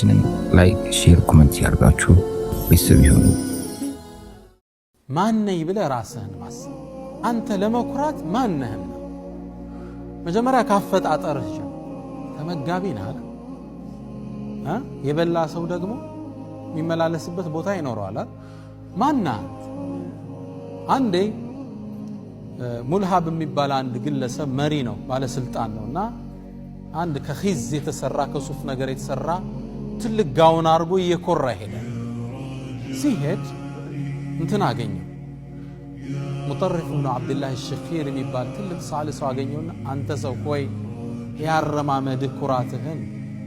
ቻናላችንን ላይክ፣ ሼር፣ ኮመንት ያደርጋችሁ ቤተሰብ ይሆኑ። ማነኝ ብለህ ራስህን ማሰብ አንተ ለመኩራት ማነህም ነው። መጀመሪያ ካፈጣጠርህ ጀምር። ተመጋቢ ነህ የበላ ሰው ደግሞ የሚመላለስበት ቦታ ይኖረዋል። ማናት አንዴ ሙልሃብ የሚባል አንድ ግለሰብ መሪ ነው፣ ባለስልጣን ነው እና አንድ ከኺዝ የተሰራ ከሱፍ ነገር የተሰራ ትልቅ ጋውን አድርጎ እየኮራ ሄደ ሲሄድ እንትን አገኘው ሙጠሪፍ ብኑ ዓብድላህ ሸኪር የሚባል ትልቅ ሳል ሰው አገኘውና አንተ ሰው ሆይ ያረማመድህ ኩራትህን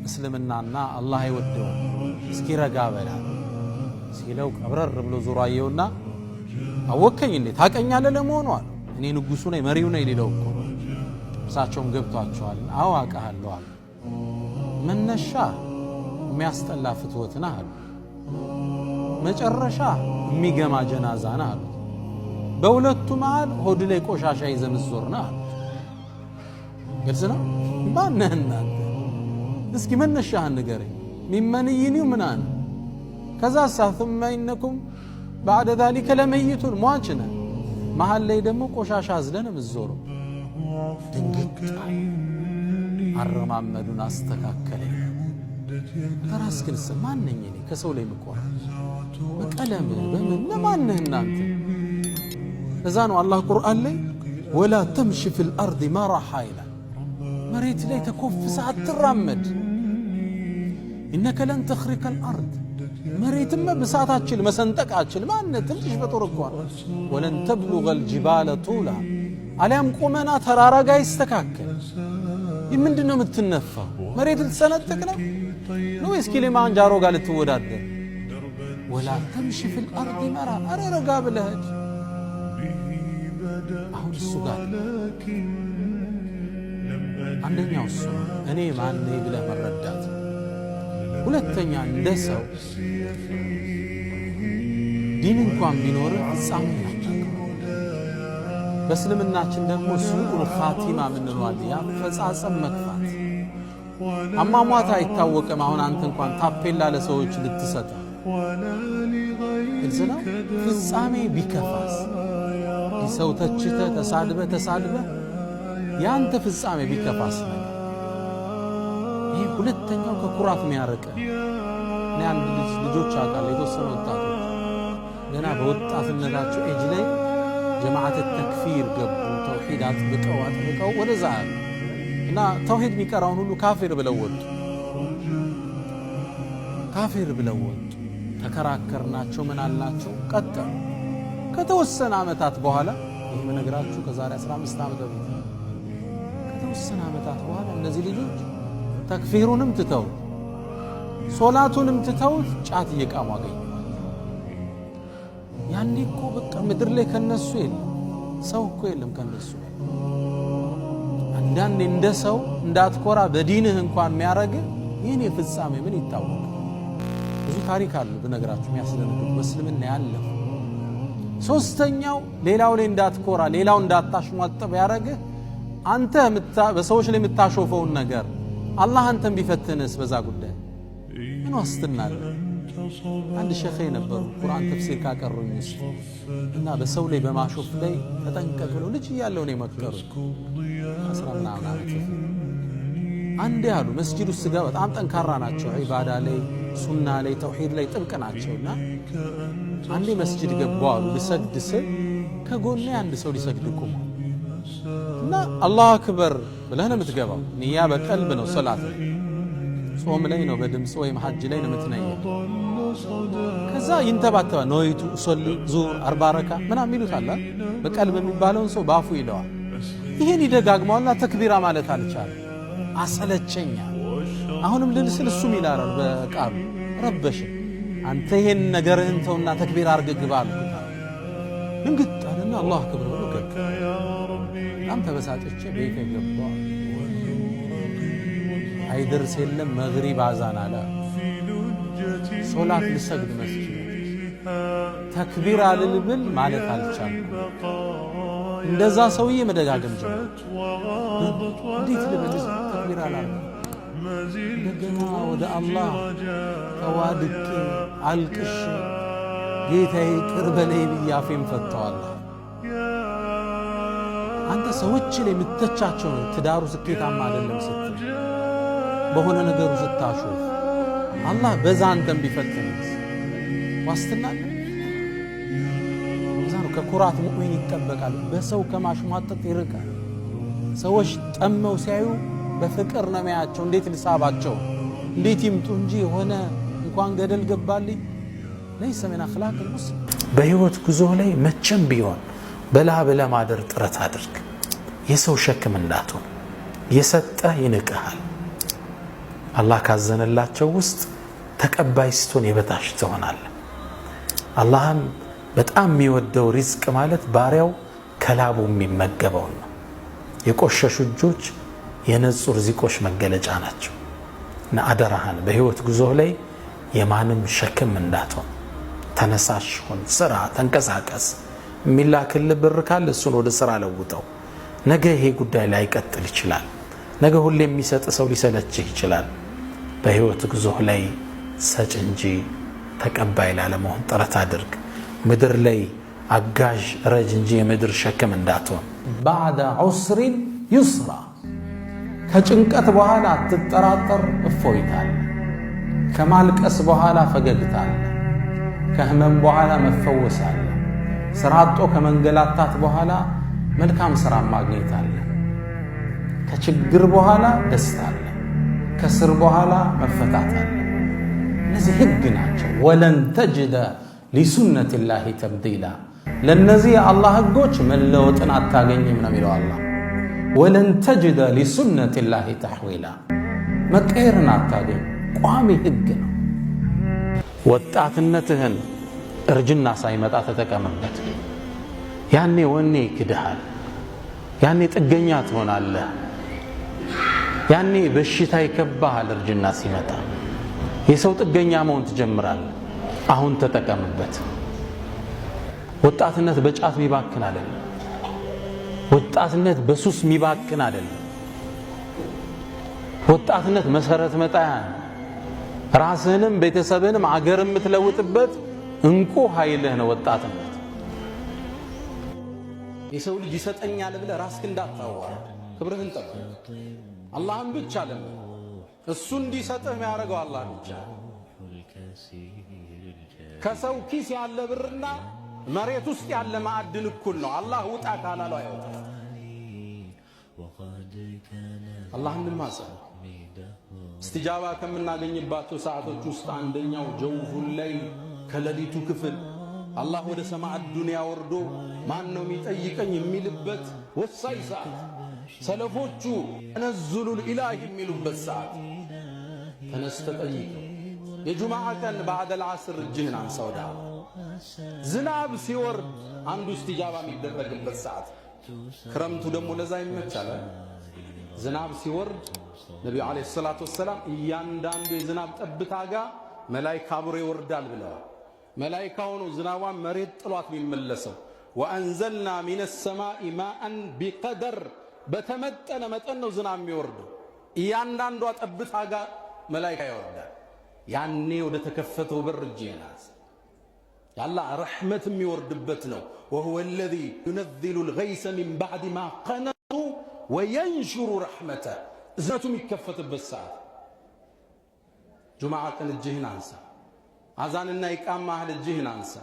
እስልምናና አላህ አይወደውም እስኪ ረጋ በላ ሲለው ቀብረር ብሎ ዞሮ አየውና አወከኝ እንዴ ታቀኛለህ ለመሆኑ አለ እኔ ንጉሱ ነኝ መሪው ነኝ ሊለው እኮ እሳቸውም ገብቷቸዋል አዎ አለ መነሻ የሚያስጠላ ፍትወት ነህ አሉ። መጨረሻ የሚገማ ጀናዛ ነህ አሉት። በሁለቱ መሃል ሆድ ላይ ቆሻሻ ይዘህ ምትዞር ነህ አሉት። ግልጽ ነው። ማነህ እናንተ? እስኪ መነሻህን ንገረኝ። ሚመንይኒው ምናን ከዛ ሳቱመ ባዕደ ዛሊከ ለመይቱን ሟች ነህ። መሃል ላይ ደግሞ ቆሻሻ አዝለህ ምዞሩ ድንግጣ አረማመዱን አስተካከለኝ። ከራስህ ግን ማን ነኝ እኔ? ከሰው ላይ ምኮራ በቀለም በምን ለማን ነህ እናንተ? እዛ ነው አላህ ቁርአን ላይ ወላ ተምሽ ፊል አርድ መራሓ ይላል። መሬት ላይ ተኮፍሰህ አትራመድ። ኢነከ ለን ተኽሪቀል አርድ መሬትም ብሳት አችል መሰንጠቅ አችል ማነት ትንሽ በጦር እኳ ወለን ተብሉገል ጅባለ ጡላ አሊያም ቁመና ተራራ ጋ ይስተካከል ምንድን ነው የምትነፋ? መሬት ልትሰነጥቅ ነው ወይስ ኪሊማንጃሮ ጋር ልትወዳደር? ወላ ተምሺ ፊል አርድ መራ። አረ ረጋ ብለህ አሁን እሱ ጋር አንደኛው እሱ እኔ ማን ብለህ መረዳት፣ ሁለተኛ እንደ ሰው ዲን እንኳን ቢኖርህ ፍጻሜ በእስልምናችን ደግሞ ሱኡል ኻቲማ ያ ፈጻጸም መክፋት። አሟሟት አይታወቅም። አሁን አንተ እንኳን ታፔላ ለሰዎች ልትሰጥ ግልጽና ፍጻሜ ቢከፋስ ሰው ተችተ ተሳድበ ተሳድበ ያንተ ፍጻሜ ቢከፋስ ይህ ሁለተኛው ከኩራት ሚያረቀ አንድ ልጅ ልጆች አውቃለሁ የተወሰነ ወጣቶች ገና በወጣትነታቸው እጅ ላይ ጀማዓት ተክፊር ገቡ። ተውሂድ አጥብቀው አጥብቀው ወደዛ እና ተውሂድ የሚቀራውን ሁሉ ካፊር ብለው ወጡ። ካፊር ብለው ወጡ። ተከራከርናቸው፣ ምን አልናቸው፣ ቀጠሉ። ከተወሰነ ዓመታት በኋላ ይህ መነግራችሁ ከዛሬ 15 ዓመት በፊት ከተወሰነ ዓመታት በኋላ እነዚህ ልጆች ተክፊሩንም ትተው ሶላቱንም ትተውት ጫት እየቃሙ አገኙ። ያኔ እኮ በቃ ምድር ላይ ከነሱ የለም ሰው እኮ የለም ከነሱ። አንዳንዴ እንደ ሰው እንዳትኮራ በዲንህ እንኳን የሚያረግ ይህን የፍጻሜ ምን ይታወቅ ብዙ ታሪክ አሉ ብነግራችሁ የሚያስደነግጡ በእስልምና ያለፉ። ሶስተኛው ሌላው ላይ እንዳትኮራ ሌላው እንዳታሽሟጥብ ያረግህ አንተ በሰዎች ላይ የምታሾፈውን ነገር አላህ አንተን ቢፈትንስ በዛ ጉዳይ ምን ዋስትና አንድ ሸኸ ነበሩ ቁርአን ተፍሲር ካቀሩኝ ውስጥ እና በሰው ላይ በማሾፍ ላይ ተጠንቀቅ ብለው ልጅ እያለሁ ነው የመከሩ። አንድ ያሉ ዓመት መስጂድ ውስጥ ስጋ በጣም ጠንካራ ናቸው፣ ዒባዳ ላይ ሱና ላይ ተውሂድ ላይ ጥብቅ ናቸው። እና አንዴ መስጂድ ገባው አሉ ልሰግድ ስል ከጎኔ አንድ ሰው ሊሰግድ ቁሙ እና አላሁ አክበር ብለህ ነው የምትገባው። ንያ በቀልብ ነው ሰላት ጾም ላይ ነው በድምፅ ወይም ሐጅ ላይ ነው የምትነየው ከዛ ይንተባተባ ነወይቱ ሶሊ ዙር አርባረካ ረካ ምናምን ይሉታል። በቀልብ የሚባለውን ሰው ባፉ ይለዋል። ይህን ይደጋግመዋልና ተክቢራ ማለት አልቻለም። አሰለቸኛ አሁንም ልልስል እሱም ይላራል በቃሉ ረበሽ አንተ ይሄን ነገርህን ተውና ተክቢር አርገ ግባ አልኩት። እንግጥ አለና አላህ ክብር ብሎ ገባ። በጣም ተበሳጨቼ ቤት ገባ። አይደርስ የለም መግሪብ አዛን አላ ሶላት ልሰግድ መስጊድ ተክቢር አልል ማለት አልቻልኩም። እንደዛ ሰውዬ መደጋገም እንዴት ልበል ተክቢር አላል እንደገና ወደ አላህ ተዋድቄ አልቅሽ ጌታዬ ቅር በለይ ብዬ አፌን ፈተዋለሁ። አንተ ሰዎችን የምተቻቸው ትዳሩ ስኬታማ አይደለም ስትል በሆነ ነገሩ ስታሾፍ አላህ በዛ አንተን ቢፈትን ዋስትና እዛ ነው። ከኩራት ሙእሚን ይጠበቃል። በሰው ከማሽሟጠጥ ይርቃል። ሰዎች ጠመው ሲያዩ በፍቅር ነው የሚያቸው። እንዴት ልሳባቸው፣ እንዴት ይምጡ እንጂ የሆነ እንኳን ገደል ገባልኝ ለይሰ ሚን አኽላቅ ሙስሊም። በህይወት ጉዞ ላይ መቼም ቢሆን በላብ ለማደር ጥረት አድርግ። የሰው ሸክም እንዳትሆን። የሰጠ ይንቅሃል አላህ ካዘነላቸው ውስጥ ተቀባይ ስትሆን የበታች ትሆናለ አላህም በጣም የሚወደው ሪዝቅ ማለት ባሪያው ከላቡ የሚመገበውን ነው። የቆሸሹ እጆች የነጹ ርዚቆች መገለጫ ናቸው። እና አደራህን በህይወት ጉዞ ላይ የማንም ሸክም እንዳትሆን ተነሳሽ ሁን፣ ስራ፣ ተንቀሳቀስ። የሚላክልህ ብር ካለ እሱን ወደ ስራ ለውጠው። ነገ ይሄ ጉዳይ ላይቀጥል ይችላል። ነገ ሁሌ የሚሰጥ ሰው ሊሰለችህ ይችላል። በህይወት ጉዞ ላይ ሰጭ እንጂ ተቀባይ ላለመሆን ጥረት አድርግ። ምድር ላይ አጋዥ ረጅ እንጂ የምድር ሸክም እንዳትሆን። ባዕደ ዑስሪን ዩስራ፣ ከጭንቀት በኋላ አትጠራጠር፣ እፎይታል። ከማልቀስ በኋላ ፈገግታል። ከህመም በኋላ መፈወሳል። ስራ አጦ ከመንገላታት በኋላ መልካም ስራ ማግኘት አለ። ከችግር በኋላ ደስታ አለ። ከስር በኋላ መፈታት እነዚህ ህግ ናቸው። ወለን ተጅደ ሊሱነት ላሂ ተብዲላ ለእነዚህ የአላህ ህጎች መለወጥን አታገኝም ነው የሚለው አላህ። ወለን ተጅደ ሊሱነት ላሂ ተሕዊላ መቀየርን አታገኝ፣ ቋሚ ህግ ነው። ወጣትነትህን እርጅና ሳይመጣ ተጠቀምበት። ያኔ ወኔ ይክድሃል፣ ያኔ ጥገኛ ትሆናለህ። ያኔ በሽታ ይከባሃል። እርጅና ሲመጣ የሰው ጥገኛ መሆን ትጀምራል። አሁን ተጠቀምበት። ወጣትነት በጫት የሚባክን አይደለም። ወጣትነት በሱስ የሚባክን አይደለም። ወጣትነት መሰረት መጣያ ራስህንም ቤተሰብህንም አገር የምትለውጥበት እንቁ ኃይልህ ነው። ወጣትነት የሰው ልጅ ይሰጠኛል ብለህ ራስህ እንዳታዋርድ ክብርህን ጠብቅ። አላህን ብቻ ለም እሱ እንዲሰጥህ የሚያደርገው አላህ ብቻ። ከሰው ኪስ ያለ ብርና መሬት ውስጥ ያለ ማዕድን እኩል ነው። አላህ ውጣ ካላለው አይወጣ። አላህ ማሰብ እስትጃባ ከምናገኝባቸው ሰዓቶች ውስጥ አንደኛው ጀውፉል ላይ ከሌሊቱ ክፍል አላህ ወደ ሰማዕ ዱንያ ወርዶ ማን ነው የሚጠይቀኝ የሚልበት ወሳኝ ሰዓት ሰለፎቹ ተነዙሉል ኢላህ የሚሉበት ሰዓት ተነስተ ጠይቀው። የጁማዓ ቀን ባዕደል ዓስር እጅህን አንሳ ወደ ዝናብ ሲወርድ አንዱ እስቲጃባ የሚደረግበት ሰዓት። ክረምቱ ደግሞ ለዛ ይመቻል። ዝናብ ሲወርድ ነቢዩ ዓለይሂ ሰላቱ ወሰላም እያንዳንዱ የዝናብ ጠብታ ጋር መላይካ አብሮ ይወርዳል ብለዋል። መላይካ ሆኖ ዝናቧን መሬት ጥሏት የሚመለሰው ወአንዘልና ሚነ ሰማኢ ማአን ቢቀደር በተመጠነ መጠን ነው ዝናብ የሚወርደው። እያንዳንዷ ጠብታ ጋር መላይካ ይወርዳል። ያኔ ወደ ተከፈተው በር እጅ ናት የአላህ ረሕመት የሚወርድበት ነው። ወሁወ ለዚ ዩነዚሉ ልገይሰ ሚን ባዕድ ማ ቀነቱ ወየንሽሩ ረሕመተ እዝነቱ የሚከፈትበት ሰዓት። ጁምዓ ቀን እጅህን አንሳ። አዛንና ይቃማህል እጅህን አንሳ።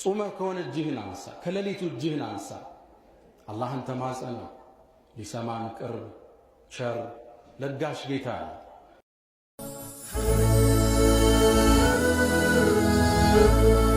ጾመህ ከሆነ እጅህን አንሳ። ከሌሊቱ እጅህን አንሳ። አላህን ተማጸን ነው። ሊሰማን ቅርብ ቸር ለጋሽ ጌታ ነው። Thank you.